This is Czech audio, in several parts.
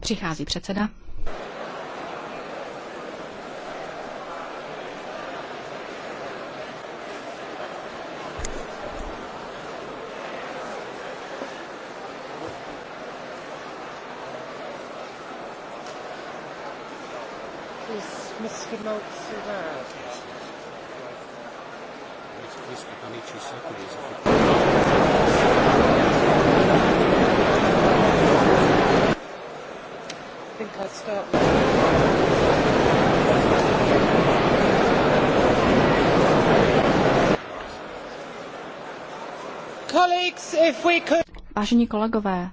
Přichází předseda. Mr. Maltz there? Mr. Vážení kolegové,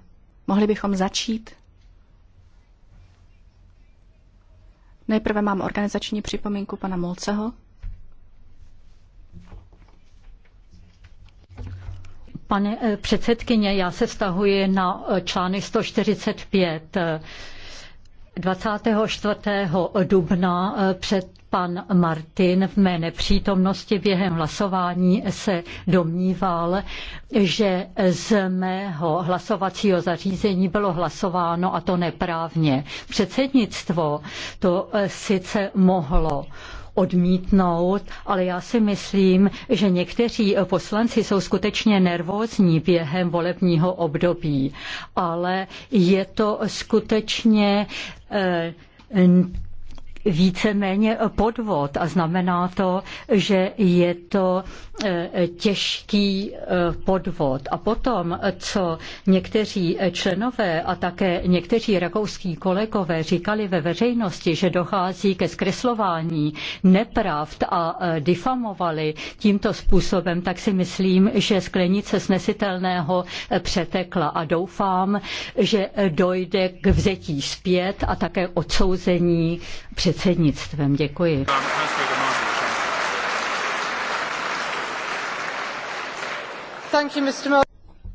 mohli bychom začít? Nejprve mám organizační připomínku pana Molceho. Pane eh, předsedkyně, já se vztahuji na eh, článek 145. 24. Eh, dubna před Pan Martin v mé nepřítomnosti během hlasování se domníval, že z mého hlasovacího zařízení bylo hlasováno a to neprávně. Předsednictvo to eh, sice mohlo odmítnout, ale já si myslím, že někteří poslanci jsou skutečně nervózní během volebního období, ale je to skutečně eh, víceméně podvod a znamená to, že je to eh, těžký eh, podvod. A potom, co někteří členové a také někteří rakouský kolegové říkali ve veřejnosti, že dochází ke zkreslování nepravd a eh, difamovali tímto způsobem, tak si myslím, že sklenice snesitelného přetekla a doufám, že dojde k vzetí zpět a také odsouzení při předsednictvem. Děkuji.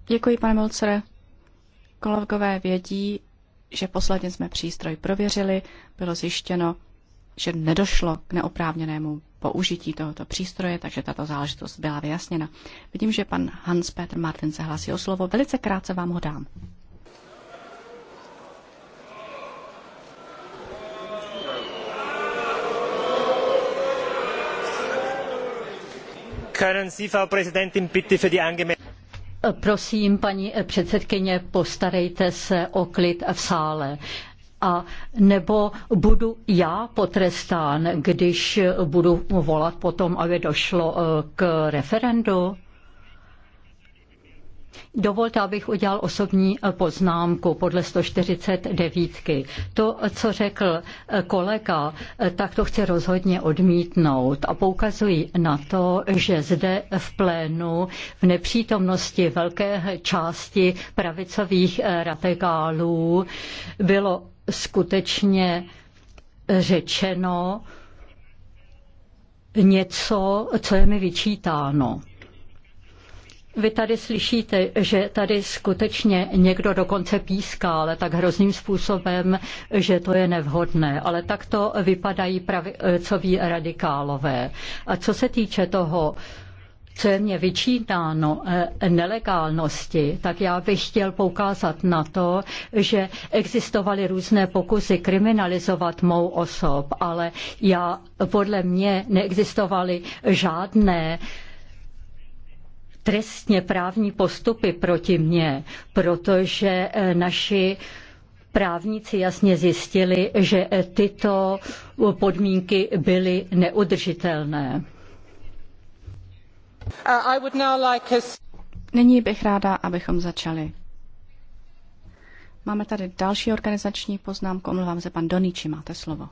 Děkuji, pane Molcere. Kolegové vědí, že posledně jsme přístroj prověřili, bylo zjištěno, že nedošlo k neoprávněnému použití tohoto přístroje, takže tato záležitost byla vyjasněna. Vidím, že pan Hans-Peter Martin se hlásí o slovo. Velice krátce vám ho dám. Prosím, paní předsedkyně, postarejte se o klid v sále a nebo budu já potrestán, když budu volat potom, aby došlo eh, k referendu? Dovolte, abych udělal osobní eh, poznámku podle 149. To, eh, co řekl eh, kolega, tak to chci rozhodně odmítnout a poukazují na to, že zde v plénu v nepřítomnosti velké části pravicových rategálů bylo skutečně řečeno něco, co je mi vyčítáno. Vy tady slyšíte, že tady skutečně někdo dokonce píská, ale tak hrozným způsobem, že to je nevhodné. Ale tak to vypadají pravicoví radikálové. A co se týče toho, co je mě vyčítáno eh, nelegálnosti, tak já bych chtěl poukázat na to, že existovaly různé pokusy kriminalizovat mou osob, ale já podle mě neexistovaly žádné uh, trestně právní postupy proti mně, protože eh, naši právníci jasně zjistili, že eh, tyto eh, podmínky byly neudržitelné. Uh, Nyní bych ráda, abychom začali. Máme tady další organizační poznámku. Omlouvám se, pan Doníči, máte slovo.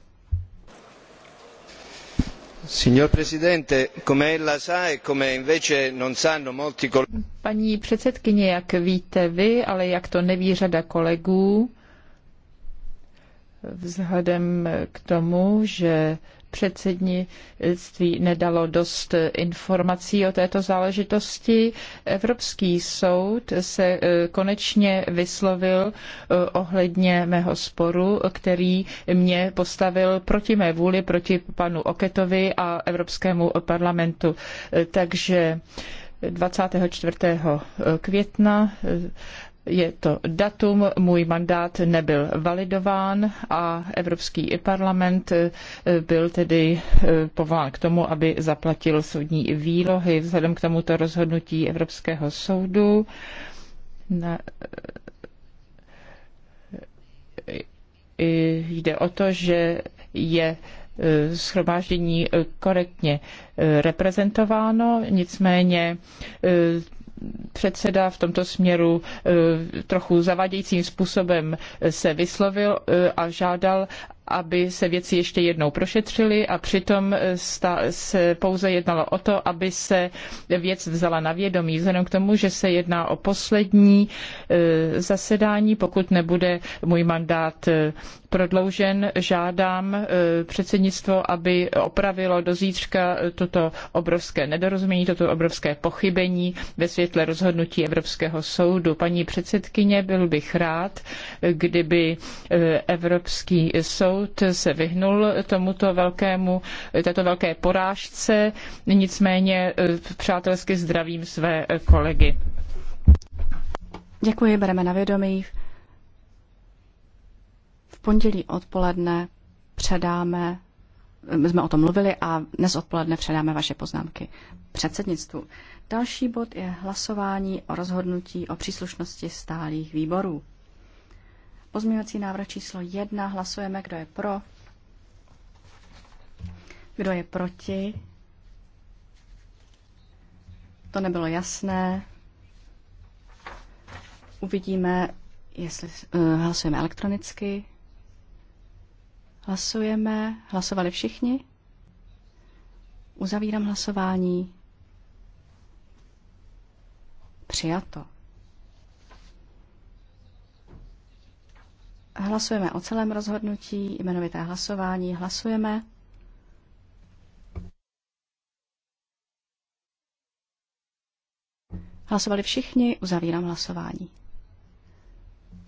Signor Presidente, come ella sa e come invece non sanno molti colleghi. Paní předsedkyně, jak víte vy, ale jak to neví řada kolegů, vzhledem k tomu, že předsednictví nedalo dost informací o této záležitosti. Evropský soud se e, konečně vyslovil e, ohledně mého sporu, který mě postavil proti mé vůli, proti panu Oketovi a Evropskému parlamentu. E, takže 24. května je to datum, můj mandát nebyl validován a Evropský parlament eh, byl tedy eh, povolán k tomu, aby zaplatil soudní výlohy vzhledem k tomuto rozhodnutí Evropského soudu. Na, eh, jde o to, že je schromáždění korektně reprezentováno, nicméně předseda v tomto směru eh, trochu zavadějícím způsobem se vyslovil eh, a žádal, aby se věci ještě jednou prošetřily a přitom eh, se pouze jednalo o to, aby se věc vzala na vědomí. Vzhledem k tomu, že se jedná o poslední eh, zasedání, pokud nebude můj mandát eh, prodloužen, žádám předsednictvo, aby opravilo do zítřka toto obrovské nedorozumění, toto obrovské pochybení ve světle rozhodnutí Evropského soudu. Paní předsedkyně, byl bych rád, kdyby Evropský soud soud se vyhnul tomuto velkému, této velké porážce, nicméně eh, přátelsky zdravím své eh, kolegy. Děkuji, bereme na vědomí. V pondělí odpoledne předáme, my eh, jsme o tom mluvili a dnes odpoledne předáme vaše poznámky předsednictvu. Další bod je hlasování o rozhodnutí o příslušnosti stálých výborů. Pozměňovací návrh číslo 1. Hlasujeme, kdo je pro. Kdo je proti. To nebylo jasné. Uvidíme, jestli uh, hlasujeme elektronicky. Hlasujeme. Hlasovali všichni? Uzavírám hlasování. Přijato. Hlasujeme o celém rozhodnutí, jmenovité hlasování. Hlasujeme. Hlasovali všichni, uzavírám hlasování.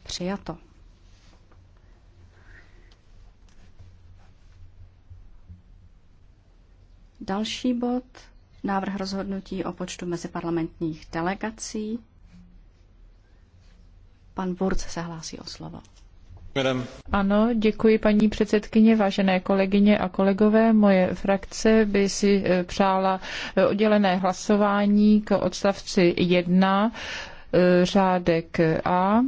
Přijato. Další bod, návrh rozhodnutí o počtu meziparlamentních delegací. Pan Burc se hlásí o slovo. Ano, děkuji paní předsedkyně, vážené kolegyně a kolegové. Moje frakce by si e, přála e, oddělené hlasování k odstavci 1 e, řádek A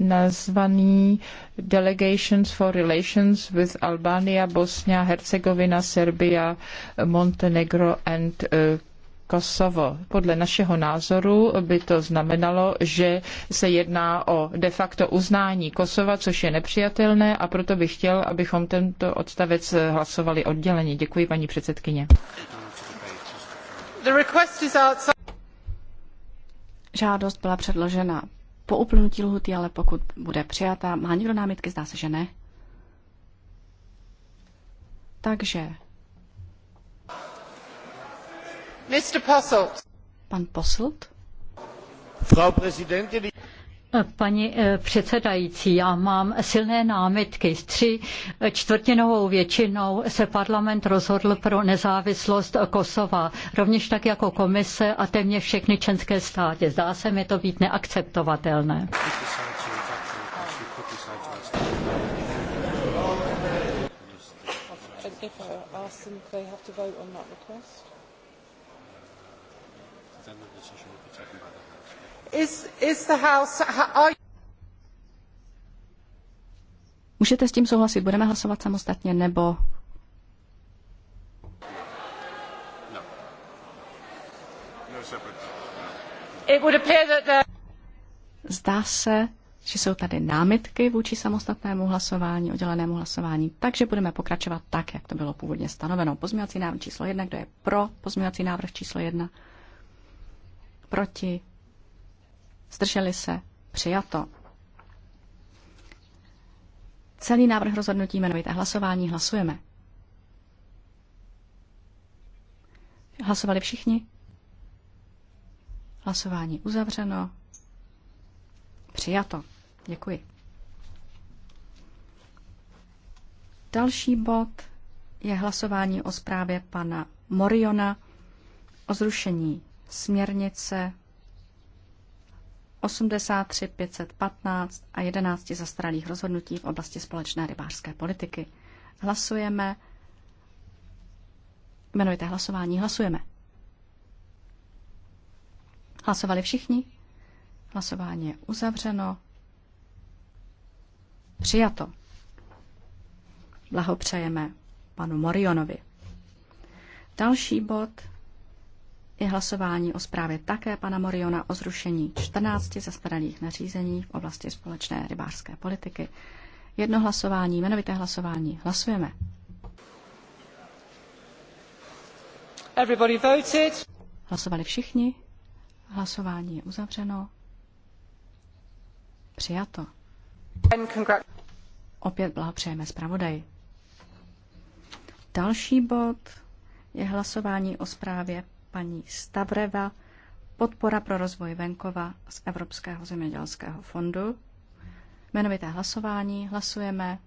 nazvaný Delegations for Relations with Albania, Bosnia, Hercegovina, Serbia, Montenegro and Kosovo. Podle našeho názoru by to znamenalo, že se jedná o de facto uznání Kosova, což je nepřijatelné a proto bych chtěl, abychom tento odstavec hlasovali odděleně. Děkuji, paní předsedkyně. Žádost byla předložena po uplynutí lhuty, ale pokud bude přijata, má někdo námitky? Zdá se, že ne. Takže Pan Posselt. Frau Präsidentin, eh, Paní eh, předsedající, já mám silné námitky. S tři eh, čtvrtinovou většinou se parlament rozhodl pro nezávislost Kosova, rovněž tak jako komise a téměř všechny členské státy. Zdá se mi to být neakceptovatelné. Is, is the house, are... Můžete s tím souhlasit? Budeme hlasovat samostatně nebo no. No Zdá se, že jsou tady námitky vůči samostatnému hlasování, oddělenému hlasování, takže budeme pokračovat tak, jak to bylo původně stanoveno. Pozměňovací návrh číslo jedna, kdo je pro pozměňovací návrh číslo jedna. Proti? Zdrželi se? Přijato. Celý návrh rozhodnutí jmenovité hlasování hlasujeme. Hlasovali všichni? Hlasování uzavřeno. Přijato. Děkuji. Další bod je hlasování o zprávě pana Moriona o zrušení směrnice 83 515 a 11 zastaralých rozhodnutí v oblasti společné rybářské politiky. Hlasujeme. Jmenujte hlasování. Hlasujeme. Hlasovali všichni? Hlasování je uzavřeno. Přijato. Blahopřejeme panu Morionovi. Další bod i hlasování o zprávě také pana Moriona o zrušení 14 zastaralých nařízení v oblasti společné rybářské politiky. Jedno hlasování, jmenovité hlasování. Hlasujeme. Everybody voted. Hlasovali všichni. Hlasování je uzavřeno. Přijato. Opět blahopřejeme zpravodaji. Další bod je hlasování o zprávě paní Stavreva, podpora pro rozvoj venkova z Evropského zemědělského fondu. Jmenovité hlasování, hlasujeme.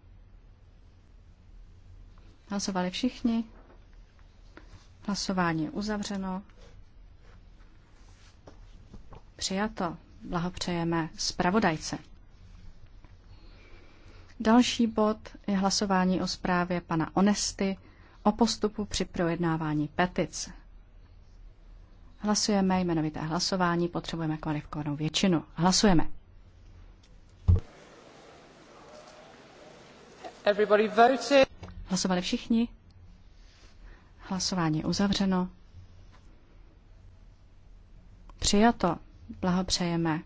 Hlasovali všichni. Hlasování je uzavřeno. Přijato. Blahopřejeme zpravodajce. Další bod je hlasování o zprávě pana Onesty o postupu při projednávání petice. Hlasujeme jmenovité hlasování, potřebujeme kvalifikovanou většinu. Hlasujeme. Everybody voted. Hlasovali všichni? Hlasování je uzavřeno. Přijato. Blahopřejeme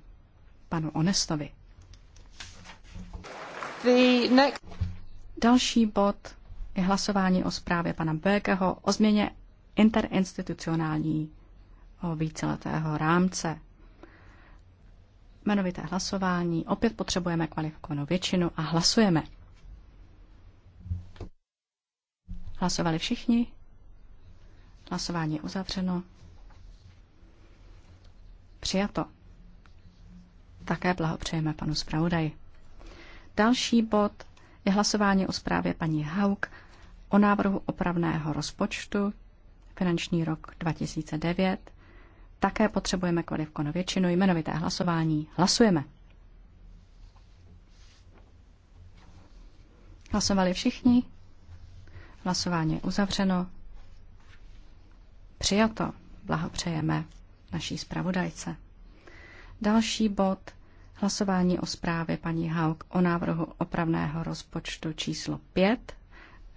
panu Onestovi. Next... Další bod je hlasování o zprávě pana Bekeho o změně interinstitucionální o víceletého rámce. Jmenovité hlasování. Opět potřebujeme kvalifikovanou většinu a hlasujeme. Hlasovali všichni? Hlasování je uzavřeno. Přijato. Také blahopřejeme panu zpravodaji. Další bod je hlasování o zprávě paní Hauk o návrhu opravného rozpočtu finanční rok 2009 také potřebujeme kvalifikovanou většinu, jmenovité hlasování. Hlasujeme. Hlasovali všichni. Hlasování je uzavřeno. Přijato. Blahopřejeme naší zpravodajce. Další bod hlasování o zprávě paní Hauk o návrhu opravného rozpočtu číslo 5,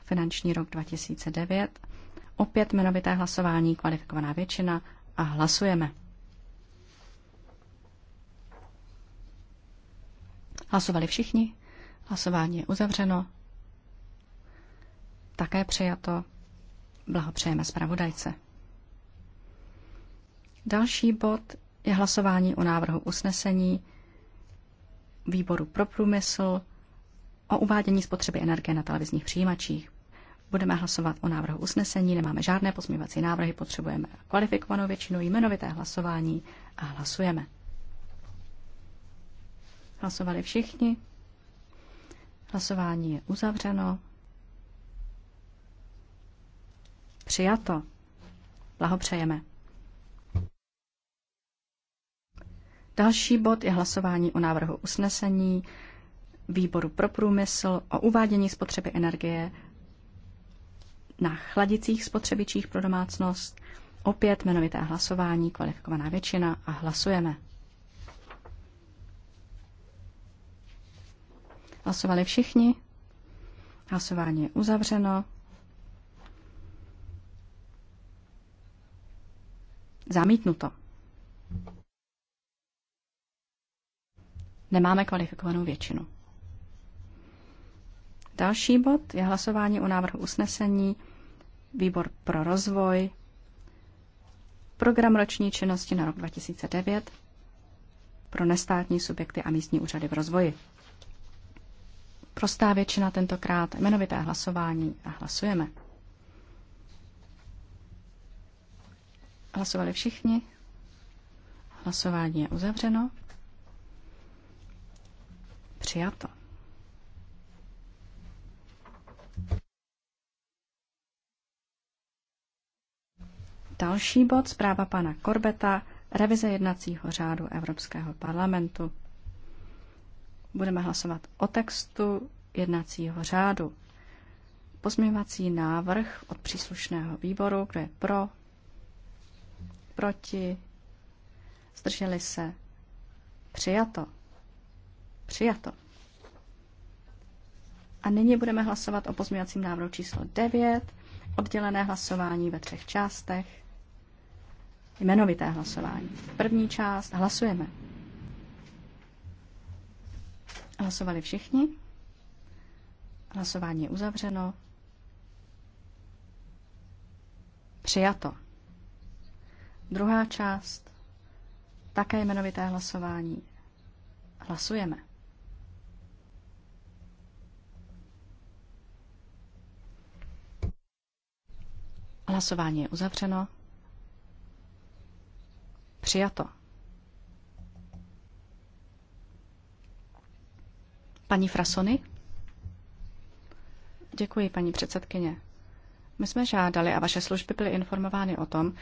finanční rok 2009. Opět jmenovité hlasování, kvalifikovaná většina a hlasujeme. Hlasovali všichni. Hlasování je uzavřeno. Také přijato. Blahopřejeme zpravodajce. Další bod je hlasování o návrhu usnesení výboru pro průmysl o uvádění spotřeby energie na televizních přijímačích. Budeme hlasovat o návrhu usnesení, nemáme žádné pozměňovací návrhy, potřebujeme kvalifikovanou většinu, jmenovité hlasování a hlasujeme. Hlasovali všichni. Hlasování je uzavřeno. Přijato. Blahopřejeme. Další bod je hlasování o návrhu usnesení výboru pro průmysl o uvádění spotřeby energie na chladicích spotřebičích pro domácnost. Opět jmenovité hlasování, kvalifikovaná většina a hlasujeme. Hlasovali všichni. Hlasování je uzavřeno. Zamítnuto. Nemáme kvalifikovanou většinu. Další bod je hlasování o návrhu usnesení výbor pro rozvoj, program roční činnosti na rok 2009 pro nestátní subjekty a místní úřady v rozvoji. Prostá většina tentokrát jmenovité hlasování a hlasujeme. Hlasovali všichni. Hlasování je uzavřeno. Přijato. Další bod, zpráva pana Korbeta, revize jednacího řádu Evropského parlamentu. Budeme hlasovat o textu jednacího řádu. Pozměňovací návrh od příslušného výboru, kdo je pro, proti, zdrželi se, přijato, přijato. A nyní budeme hlasovat o pozměňovacím návrhu číslo 9, oddělené hlasování ve třech částech. Jmenovité hlasování. První část hlasujeme. Hlasovali všichni. Hlasování je uzavřeno. Přijato. Druhá část. Také jmenovité hlasování. Hlasujeme. Hlasování je uzavřeno. Přijato. Paní Frasony? Děkuji, paní předsedkyně. My jsme žádali a vaše služby byly informovány o tom,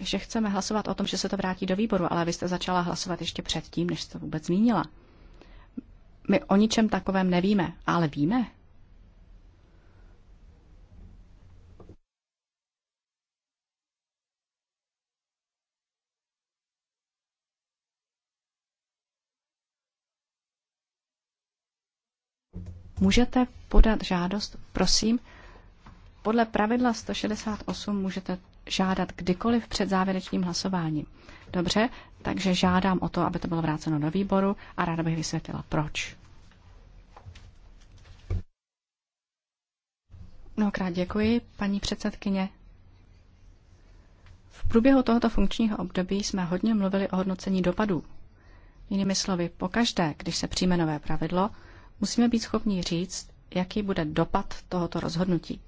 že chceme hlasovat o tom, že se to vrátí do výboru, ale vy jste začala hlasovat ještě předtím, než jste vůbec zmínila. My o ničem takovém nevíme, ale víme, Můžete podat žádost, prosím. Podle pravidla 168 můžete žádat kdykoliv před závěrečným hlasováním. Dobře, takže žádám o to, aby to bylo vráceno do výboru a ráda bych vysvětlila, proč. Mnohokrát děkuji, paní předsedkyně. V průběhu tohoto funkčního období jsme hodně mluvili o hodnocení dopadů. Jinými slovy, pokaždé, když se přijme nové pravidlo, musíme být schopni říct, jaký bude dopad tohoto rozhodnutí.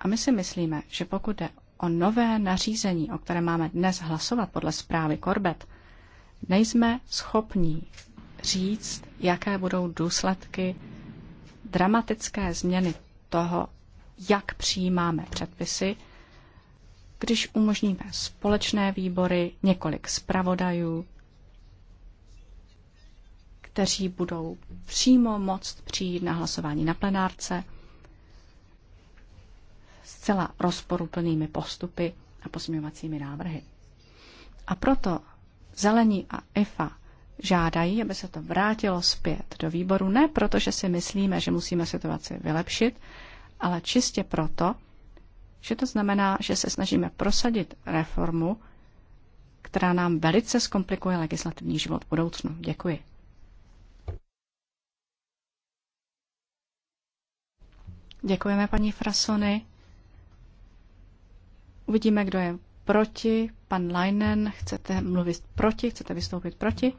A my si myslíme, že pokud jde o nové nařízení, o které máme dnes hlasovat podle zprávy Korbet, nejsme schopní říct, jaké budou důsledky dramatické změny toho, jak přijímáme předpisy, když umožníme společné výbory, několik zpravodajů, kteří budou přímo moct přijít na hlasování na plenárce celá rozporuplnými postupy a posměvacími návrhy. A proto Zelení a EFA žádají, aby se to vrátilo zpět do výboru, ne proto, že si myslíme, že musíme situaci vylepšit, ale čistě proto, že to znamená, že se snažíme prosadit reformu, která nám velice zkomplikuje legislativní život v budoucnu. Děkuji. Děkujeme, paní Frasony. Uvidíme, kdo je proti. Pan Leinen, chcete mluvit proti? Chcete vystoupit proti?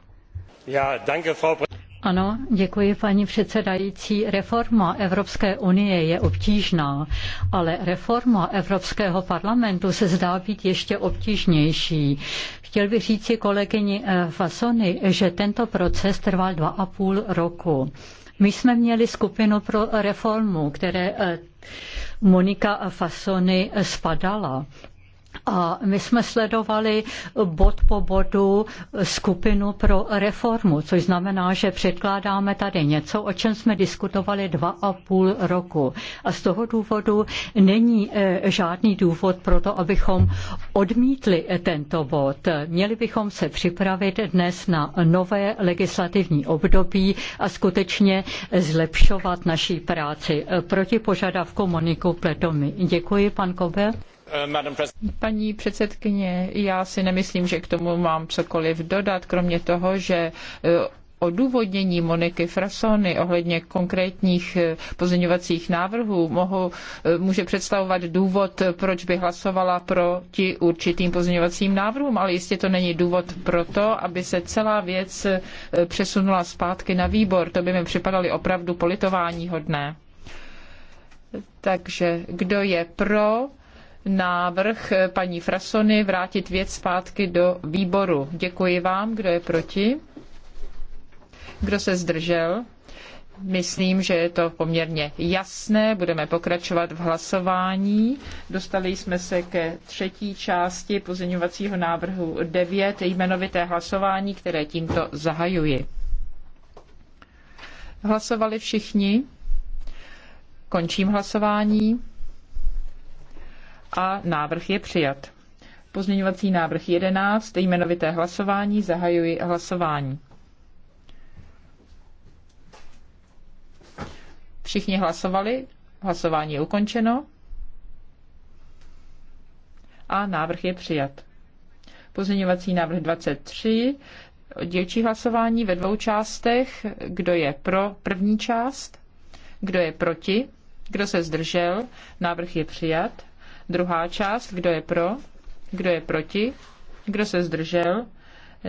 Já, danke, Frau ano, děkuji paní předsedající. Reforma Evropské unie je obtížná, ale reforma Evropského parlamentu se zdá být ještě obtížnější. Chtěl bych říci kolegyni eh, Fasony, že tento proces trval dva a půl roku. My jsme měli skupinu pro reformu, které eh, Monika Fasony spadala. A my jsme sledovali bod po bodu skupinu pro reformu, což znamená, že předkládáme tady něco, o čem jsme diskutovali dva a půl roku. A z toho důvodu není eh, žádný důvod pro to, abychom odmítli eh, tento bod. Měli bychom se připravit dnes na nové legislativní období a skutečně eh, zlepšovat naší práci. Proti požadavku Moniku Pletomy. Děkuji, pan Kobe. Paní předsedkyně, já si nemyslím, že k tomu mám cokoliv dodat, kromě toho, že e, odůvodnění Moniky Frasony ohledně konkrétních e, pozměňovacích návrhů mohu, e, může představovat důvod, proč by hlasovala proti určitým pozměňovacím návrhům, ale jistě to není důvod pro to, aby se celá věc přesunula zpátky na výbor. To by mi připadaly opravdu politování hodné. Takže kdo je pro návrh paní Frasony vrátit věc zpátky do výboru. Děkuji vám, kdo je proti. Kdo se zdržel? Myslím, že je to poměrně jasné. Budeme pokračovat v hlasování. Dostali jsme se ke třetí části pozměňovacího návrhu 9, jmenovité hlasování, které tímto zahajuji. Hlasovali všichni? Končím hlasování a návrh je přijat. Pozměňovací návrh 11, jmenovité hlasování, zahajuji hlasování. Všichni hlasovali, hlasování je ukončeno a návrh je přijat. Pozměňovací návrh 23, Dělčí hlasování ve dvou částech, kdo je pro první část, kdo je proti, kdo se zdržel, návrh je přijat. Druhá část, kdo je pro, kdo je proti, kdo se zdržel,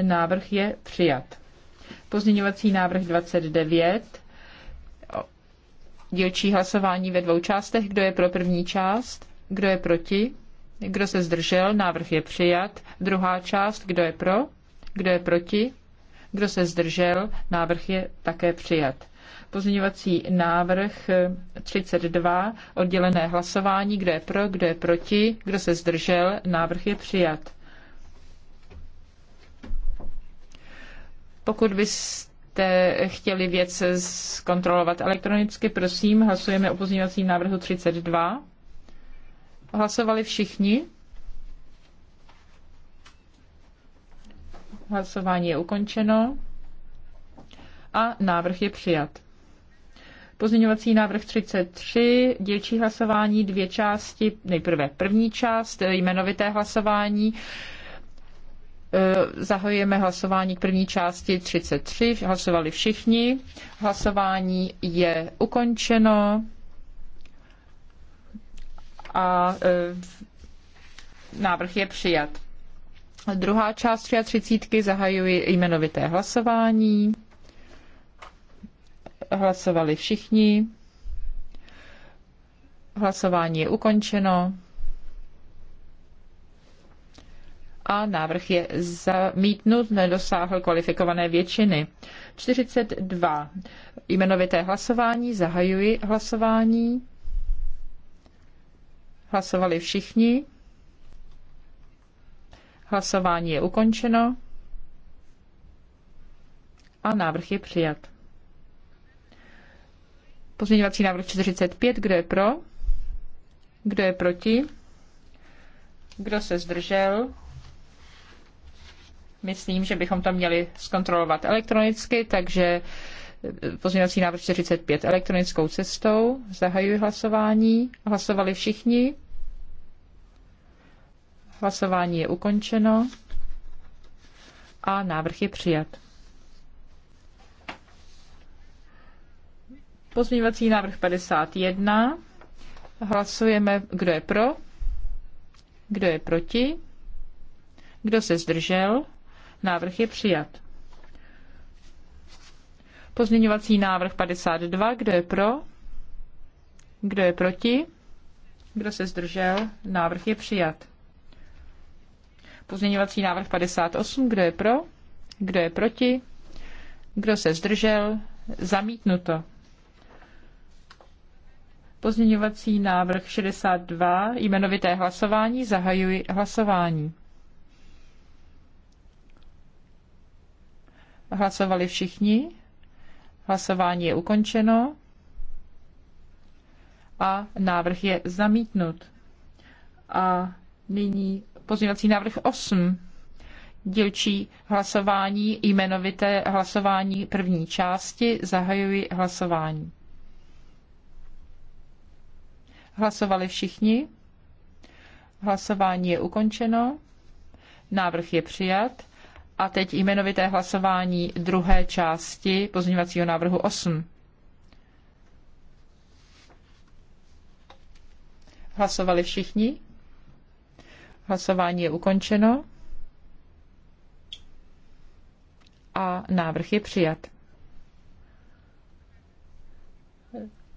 návrh je přijat. Pozměňovací návrh 29, dílčí hlasování ve dvou částech, kdo je pro první část, kdo je proti, kdo se zdržel, návrh je přijat. Druhá část, kdo je pro, kdo je proti, kdo se zdržel, návrh je také přijat. Pozměňovací návrh 32, oddělené hlasování, kdo je pro, kdo je proti, kdo se zdržel, návrh je přijat. Pokud byste chtěli věc zkontrolovat elektronicky, prosím, hlasujeme o pozměňovacím návrhu 32. Hlasovali všichni? Hlasování je ukončeno a návrh je přijat. Pozměňovací návrh 33, Dělčí hlasování, dvě části. Nejprve první část, eh, jmenovité hlasování. Eh, zahajujeme hlasování k první části 33. Hlasovali všichni. Hlasování je ukončeno. A eh, návrh je přijat. Druhá část 33. zahajuji jmenovité hlasování hlasovali všichni. Hlasování je ukončeno. A návrh je zamítnut, nedosáhl kvalifikované většiny. 42. Jmenovité hlasování, zahajuji hlasování. Hlasovali všichni. Hlasování je ukončeno a návrh je přijat. Pozměňovací návrh 45, kdo je pro? Kdo je proti? Kdo se zdržel? Myslím, že bychom to měli zkontrolovat elektronicky, takže eh, pozměňovací návrh 45 elektronickou cestou. Zahajuji hlasování. Hlasovali všichni. Hlasování je ukončeno a návrh je přijat. Pozměňovací návrh 51. Hlasujeme, kdo je pro, kdo je proti, kdo se zdržel. Návrh je přijat. Pozměňovací návrh 52. Kdo je pro? Kdo je proti? Kdo se zdržel? Návrh je přijat. Pozměňovací návrh 58. Kdo je pro? Kdo je proti? Kdo se zdržel? Zamítnuto. Pozměňovací návrh 62, jmenovité hlasování, zahajuji hlasování. Hlasovali všichni. Hlasování je ukončeno a návrh je zamítnut. A nyní pozměňovací návrh 8. dělčí hlasování, jmenovité hlasování první části. Zahajuji hlasování. Hlasovali všichni? Hlasování je ukončeno. Návrh je přijat. A teď jmenovité hlasování druhé části pozměňovacího návrhu 8. Hlasovali všichni? Hlasování je ukončeno. A návrh je přijat.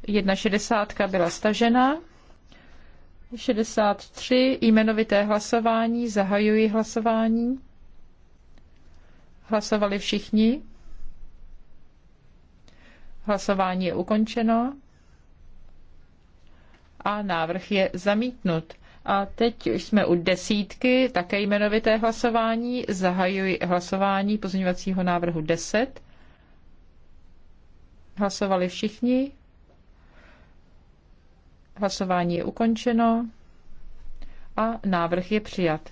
1,60 byla stažena. 63, jmenovité hlasování, zahajuji hlasování. Hlasovali všichni. Hlasování je ukončeno a návrh je zamítnut. A teď už jsme u desítky, také jmenovité hlasování. Zahajuji hlasování pozměňovacího návrhu 10. Hlasovali všichni. Hlasování je ukončeno a návrh je přijat.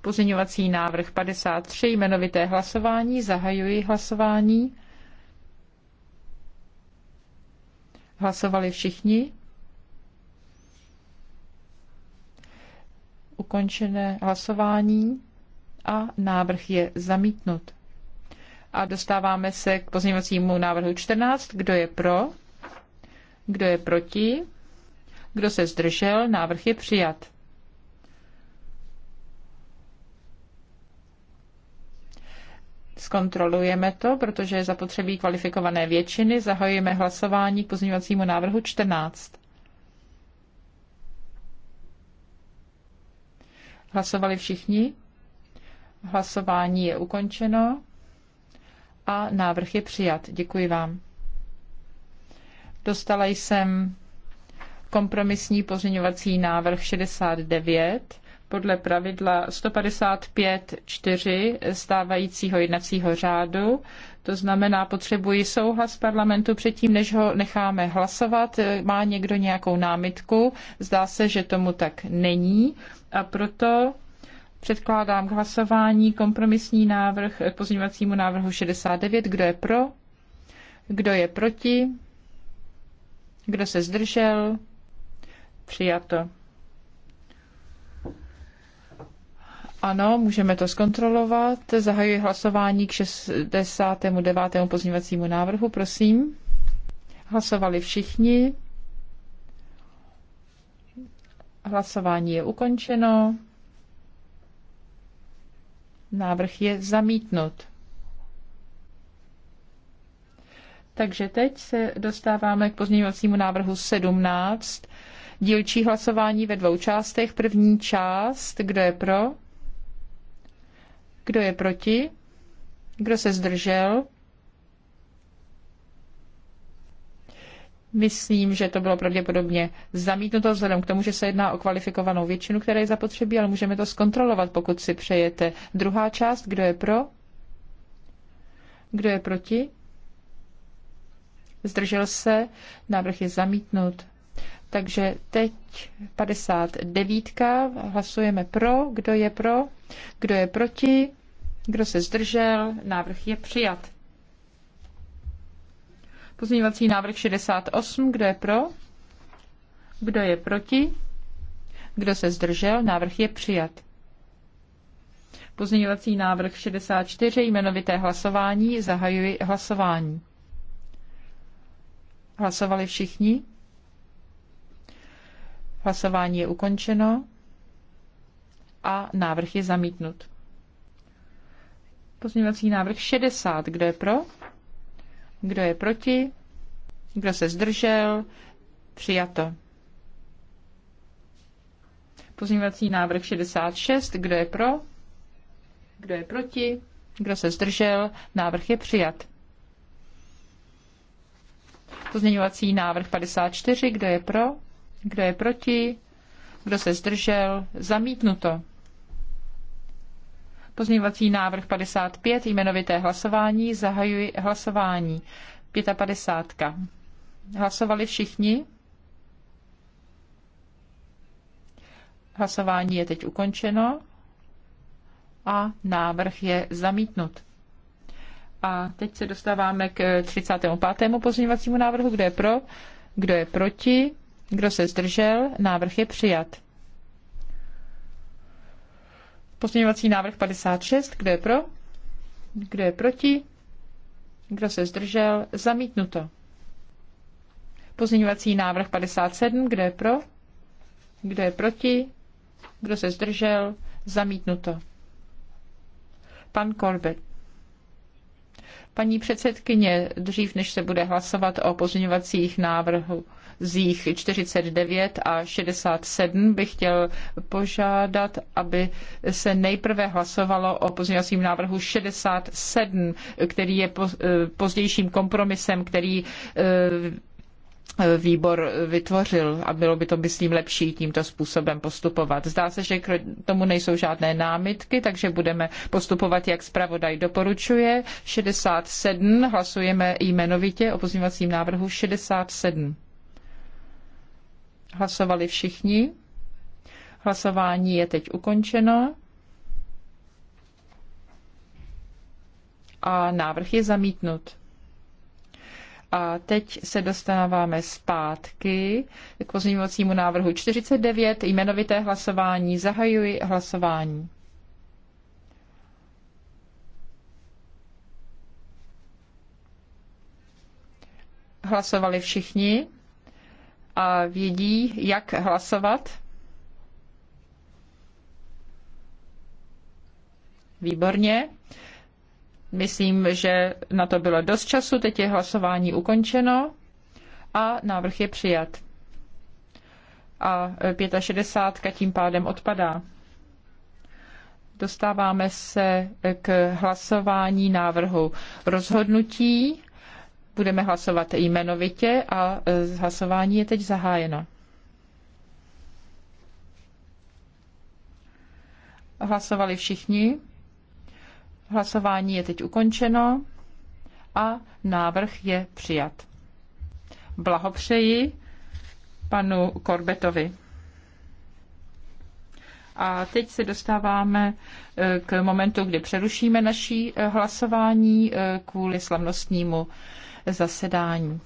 Pozměňovací návrh 53, jmenovité hlasování, zahajuji hlasování. Hlasovali všichni? Ukončené hlasování a návrh je zamítnut. A dostáváme se k pozměňovacímu návrhu 14. Kdo je pro? Kdo je proti? Kdo se zdržel? Návrh je přijat. Zkontrolujeme to, protože je zapotřebí kvalifikované většiny. Zahajujeme hlasování k pozměňovacímu návrhu 14. Hlasovali všichni? Hlasování je ukončeno a návrh je přijat. Děkuji vám. Dostala jsem kompromisní pozměňovací návrh 69 podle pravidla 155.4 stávajícího jednacího řádu. To znamená, potřebuji souhlas parlamentu předtím, než ho necháme hlasovat. Má někdo nějakou námitku? Zdá se, že tomu tak není. A proto předkládám k hlasování kompromisní návrh k pozměňovacímu návrhu 69. Kdo je pro? Kdo je proti? Kdo se zdržel? Přijato. Ano, můžeme to zkontrolovat. Zahajuji hlasování k 69. pozměňovacímu návrhu, prosím. Hlasovali všichni. Hlasování je ukončeno. Návrh je zamítnut. Takže teď se dostáváme k pozměňovacímu návrhu 17. Dílčí hlasování ve dvou částech. První část, kdo je pro? Kdo je proti? Kdo se zdržel? Myslím, že to bylo pravděpodobně zamítnuto vzhledem k tomu, že se jedná o kvalifikovanou většinu, která je zapotřebí, ale můžeme to zkontrolovat, pokud si přejete. Druhá část, kdo je pro? Kdo je proti? zdržel se, návrh je zamítnut. Takže teď 59. Hlasujeme pro. Kdo je pro? Kdo je proti? Kdo se zdržel? Návrh je přijat. Pozměňovací návrh 68. Kdo je pro? Kdo je proti? Kdo se zdržel? Návrh je přijat. Pozměňovací návrh 64. Jmenovité hlasování. Zahajuji hlasování. Hlasovali všichni? Hlasování je ukončeno a návrh je zamítnut. Pozměňovací návrh 60. Kdo je pro? Kdo je proti? Kdo se zdržel? Přijato. Pozměňovací návrh 66. Kdo je pro? Kdo je proti? Kdo se zdržel? Návrh je přijat. Pozměňovací návrh 54, kdo je pro, kdo je proti, kdo se zdržel, zamítnuto. Pozměňovací návrh 55, jmenovité hlasování, zahajuji hlasování. 55. Hlasovali všichni? Hlasování je teď ukončeno a návrh je zamítnut. A teď se dostáváme k 35. pozměňovacímu návrhu, kdo je pro, kdo je proti, kdo se zdržel, návrh je přijat. Pozměňovací návrh 56, kdo je pro, kdo je proti, kdo se zdržel, zamítnuto. Pozměňovací návrh 57, kdo je pro, kdo je proti, kdo se zdržel, zamítnuto. Pan Korbet. Paní předsedkyně, dřív než se bude hlasovat o pozměňovacích návrhu jich 49 a 67 bych chtěl požádat, aby se nejprve hlasovalo o pozměňovacím návrhu 67, který je eh, pozdějším kompromisem, který eh, výbor vytvořil a bylo by to, myslím, lepší tímto způsobem postupovat. Zdá se, že k tomu nejsou žádné námitky, takže budeme postupovat, jak zpravodaj doporučuje. 67, hlasujeme jmenovitě o pozměňovacím návrhu 67. Hlasovali všichni. Hlasování je teď ukončeno. A návrh je zamítnut. A teď se dostáváme zpátky k pozměňovacímu návrhu 49, jmenovité hlasování. Zahajuji hlasování. Hlasovali všichni a vědí, jak hlasovat. Výborně. Myslím, že na to bylo dost času, teď je hlasování ukončeno a návrh je přijat. A 65 eh, tím pádem odpadá. Dostáváme se eh, k hlasování návrhu rozhodnutí. Budeme hlasovat jmenovitě a eh, hlasování je teď zahájeno. Hlasovali všichni? Hlasování je teď ukončeno a návrh je přijat. Blahopřeji panu Korbetovi. A teď se dostáváme eh, k momentu, kdy přerušíme naší eh, hlasování eh, kvůli slavnostnímu zasedání.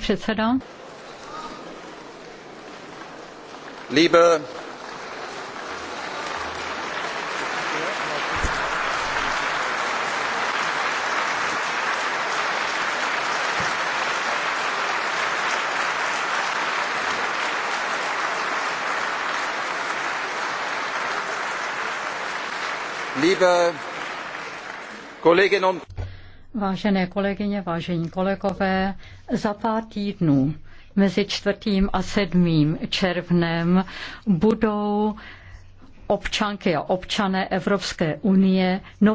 předsedo. Liebe Liebe Kolleginnen und Vážené kolegyně, vážení kolegové, za pár týdnů mezi 4. a 7. červnem budou občanky a občané Evropské unie nové